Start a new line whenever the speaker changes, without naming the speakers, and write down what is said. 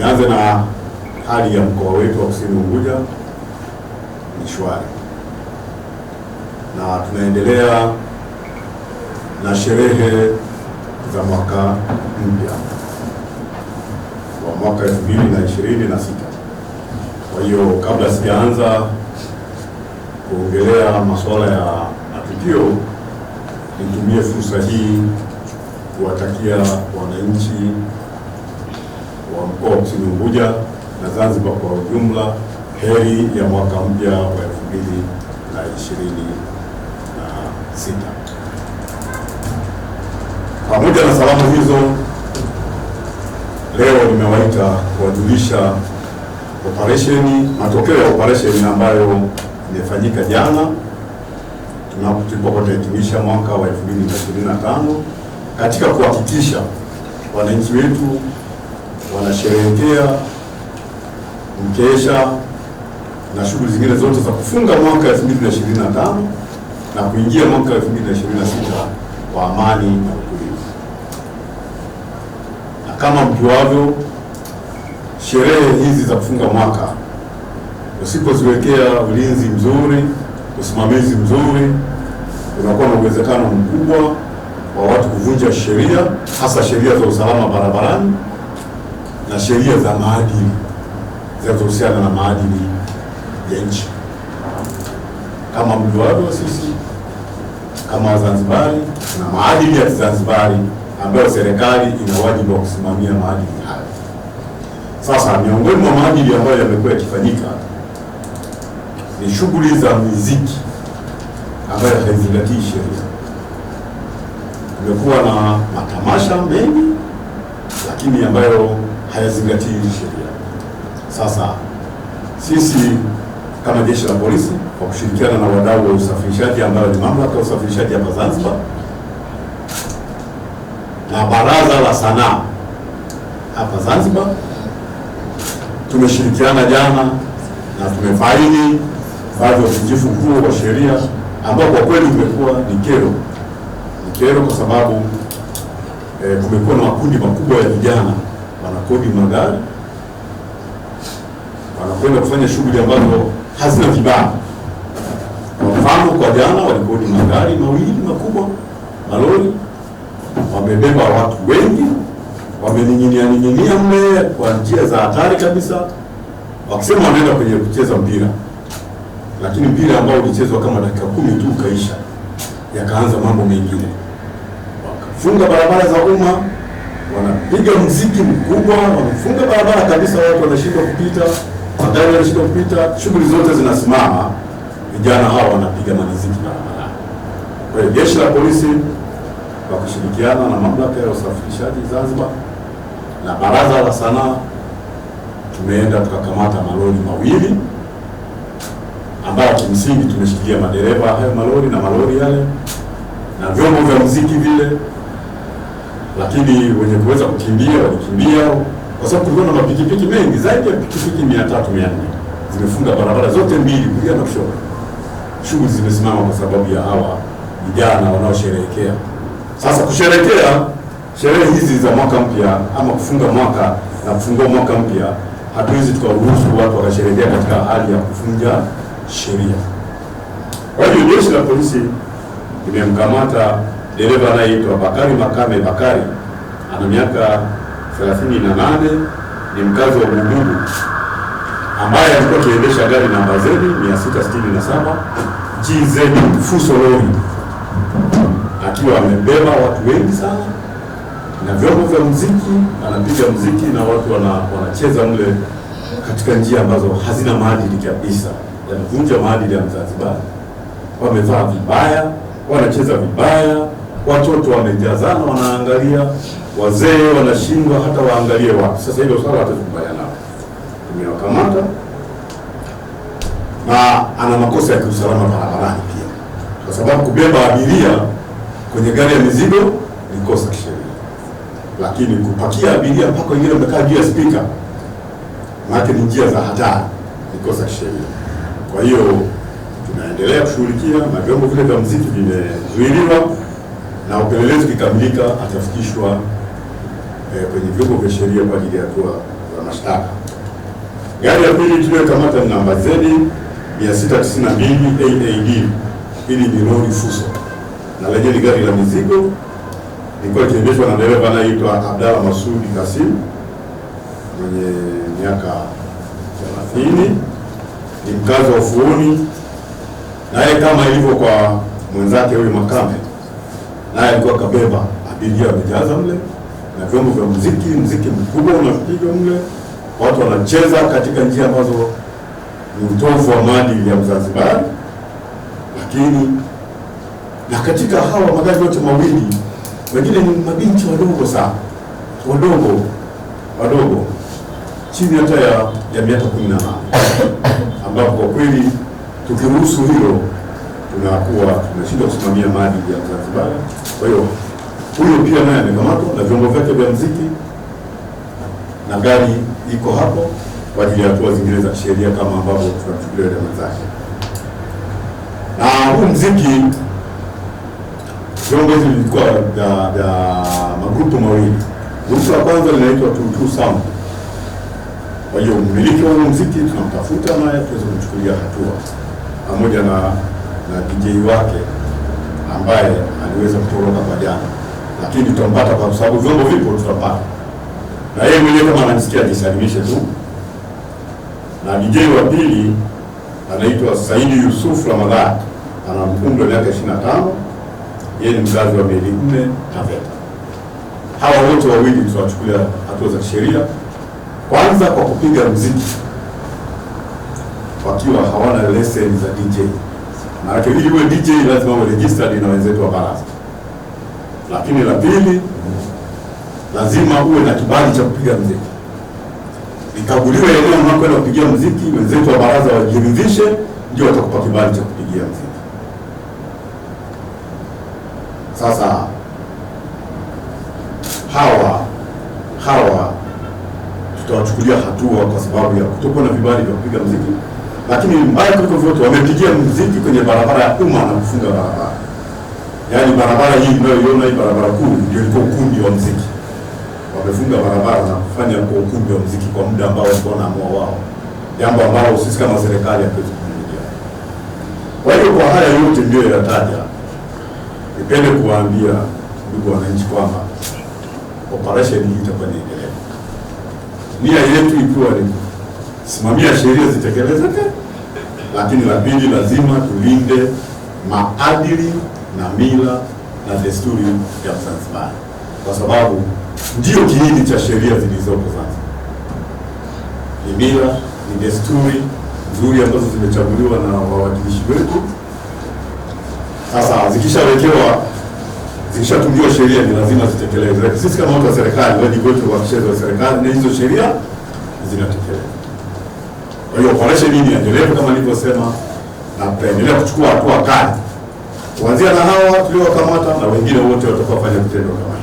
Nianze na hali ya mkoa wetu wa Kusini Unguja ni shwari, na tunaendelea na sherehe za mwaka mpya wa mwaka 2026. Kwa hiyo kabla sijaanza kuongelea masuala ya matukio, nitumie fursa hii kuwatakia wananchi wa mkoa wa Kusini Unguja na Zanzibar kwa ujumla, heri ya mwaka mpya wa 2026. Pamoja na salamu hizo, leo nimewaita kuwajulisha operesheni, matokeo ya operesheni ambayo imefanyika jana tulipokuwa tunahitimisha mwaka wa 2025 katika kuhakikisha wananchi wetu wanasherehekea mkesha na shughuli zingine zote za kufunga mwaka 2025 na kuingia mwaka 2026 kwa amani na utulivu. Na kama mjuavyo, sherehe hizi za kufunga mwaka usipoziwekea ulinzi mzuri, usimamizi mzuri, unakuwa na uwezekano mkubwa wa watu kuvunja sheria, hasa sheria za usalama barabarani na sheria za maadili zinazohusiana na maadili ya nchi. Kama mjuavyo, sisi kama Wazanzibari na maadili ya Kizanzibari ambayo serikali ina wajibu wa kusimamia maadili hayo. Sasa miongoni mwa maadili ambayo yamekuwa yakifanyika ni shughuli za muziki ambayo haizingatii sheria. Kumekuwa na matamasha mengi, lakini ambayo hayazingatii hizi sheria. Sasa sisi kama jeshi la polisi kwa kushirikiana na wadau wa usafirishaji ambayo ni mamlaka ya usafirishaji hapa Zanzibar na baraza la sanaa hapa Zanzibar tumeshirikiana jana na tumefaili baadhi ya uvunjifu mkuu wa sheria ambao kwa kweli umekuwa ni kero, ni kero kwa sababu eh, kumekuwa na makundi makubwa ya vijana wanakodi magari, wanakwenda kufanya shughuli ambazo hazina vibali. Kwa mfano, kwa jana walikodi magari mawili makubwa malori, wamebeba watu wengi, wamening'inia ning'inia mle kwa njia za hatari kabisa, wakisema wanaenda kwenye kucheza mpira, lakini mpira ambao ulichezwa kama dakika kumi tu ukaisha, yakaanza mambo mengine, wakafunga barabara za umma wanapiga mziki mkubwa, wamefunga barabara kabisa, watu wanashindwa kupita, magari yanashindwa kupita, shughuli zote zinasimama, vijana hao wanapiga maziki barabarani. Kwa hiyo jeshi la polisi kwa kushirikiana na mamlaka ya usafirishaji Zanzibar na baraza la sanaa tumeenda tukakamata malori mawili ambayo kimsingi tumeshikilia madereva hayo malori na malori yale na vyombo vya muziki vile lakini wenye kuweza kukimbia walikimbia, kwa sababu kulikuwa na mapikipiki mengi zaidi ya pikipiki mia tatu mia nne zimefunga barabara zote mbili, kulia na kushoto. Shughuli zimesimama kwa sababu ya hawa vijana wanaosherehekea. Sasa kusherehekea sherehe hizi za mwaka mpya ama kufunga mwaka na kufungua mwaka mpya, hatuwezi tukaruhusu watu wakasherehekea katika hali ya kufunja sheria. Kwa hiyo jeshi la polisi limemkamata dereva anayeitwa Bakari Makame Bakari ana miaka 38 ni mkazi wa Bugugu ambaye alikuwa akiendesha gari namba zeni 667 GZ fuso lori akiwa amebeba watu wengi sana na vyombo vya muziki, anapiga muziki na watu wana, wanacheza mle katika njia ambazo hazina maadili kabisa, yanavunja maadili ya Mzanzibari. Wamevaa vibaya, wanacheza vibaya watoto wamejazana, wanaangalia, wazee wanashindwa hata waangalie wapi. Sasa hilo swala hatutakubaliana nao, tumewakamata na ana makosa ya kiusalama barabarani pia, kwa sababu kubeba abiria kwenye gari ya mizigo ni kosa kisheria, lakini kupakia abiria mpaka wengine wamekaa juu ya spika, maake ni njia za hatari, ni kosa kisheria. Kwa hiyo tunaendelea kushughulikia na vyombo vile vya mziki vimezuiliwa na upelelezi ukikamilika atafikishwa eh, kwenye vyombo vya sheria kwa ajili ya hatua za mashtaka. Gari ya pili tuliyokamata ni namba Z 692 AAD. Hili ni lori Fuso na lenye ni gari la mizigo, ilikuwa ikiendeshwa na dereva anayeitwa Abdalla Masudi Kasim mwenye miaka 30, ni mkazi wa Ufuoni, naye kama ilivyo kwa mwenzake huyu Makame naye alikuwa kabeba abiria wamejaza mle na vyombo vya muziki, muziki mkubwa unapigwa mle, watu wanacheza katika njia ambazo ni utovu wa maadili ya Mzanzibari. Lakini na katika hawa magari yote mawili, wengine ni mabinti wadogo sana, wadogo wadogo, chini hata ya, ya miaka kumi na nane ambapo kwa kweli tukiruhusu hilo tunakuwa tumeshindwa kusimamia maadili ya Zanzibar. Kwa hiyo huyo pia naye amekamatwa na vyombo vyake vya mziki na gari iko hapo kwa ajili ya hatua zingine za sheria kama ambavyo tunamchukulia yule mwenzake. Na huu mziki vyombo hivi vilikuwa vya magrupu mawili. Grupu la kwanza linaitwa Tu Sound. Kwa hiyo mmiliki wa mziki tunamtafuta naye tuweze kumchukulia hatua pamoja na na DJ wake ambaye aliweza kutoroka kwa jana, lakini tutampata kwa sababu vyombo vipo, tutampata na yeye mwenyewe kama anajisikia ajisalimishe tu. Na DJ wa pili anaitwa Saidi Yusuf Ramadhan, ana umri wa miaka 25, yeye ni mzazi wa meli nne na VETA. Hawa wote wawili tutawachukulia hatua za kisheria, kwanza kwa kupiga mziki wakiwa hawana leseni za DJ. Maanake ili uwe DJ lazima uwe registered na wenzetu wa baraza. Lakini la pili, lazima uwe na kibali cha kupiga muziki, nikaguliwe eneo unakwenda kupigia muziki, wenzetu wa baraza wajiridhishe, ndio watakupa kibali cha kupigia muziki. Sasa hawa hawa tutawachukulia hatua kwa sababu ya kutokuwa na vibali vya kupiga muziki lakini mbaya kuliko vyote wamepigia mziki kwenye barabara ya umma na kufunga barabara. Yaani barabara hii mnayoiona hii barabara kuu ndio ilikuwa ukumbi wa mziki, wamefunga barabara na kufanya kwa ukumbi wa mziki kwa muda ambao walikuwa wanaamua wao, jambo ambalo sisi kama serikali hatuwezi kuvumilia. Kwa hiyo kwa haya yote ndio yataja, nipende kuwaambia ndugu wananchi kwamba operesheni hii itakuwa inaendelea. Nia yetu ikiwa ni kusimamia sheria zitekelezeke lakini la pili, lazima tulinde maadili na mila na desturi ya Mzanzibari kwa sababu ndio kiini cha sheria zilizopo sasa. Ni mila, ni desturi nzuri ambazo zimechaguliwa na wawakilishi wetu. Sasa zikishawekewa, zikishatungiwa sheria, ni lazima zitekelezwe. Sisi kama watu wa serikali, wajibu wetu wa serikali na hizo sheria zinatekelezwa. Kwa hiyo kuonesha hii ni endelevu kama nilivyosema, na tutaendelea kuchukua hatua kali kuanzia na hawa tuliowakamata na wengine wote watakaofanya vitendo kama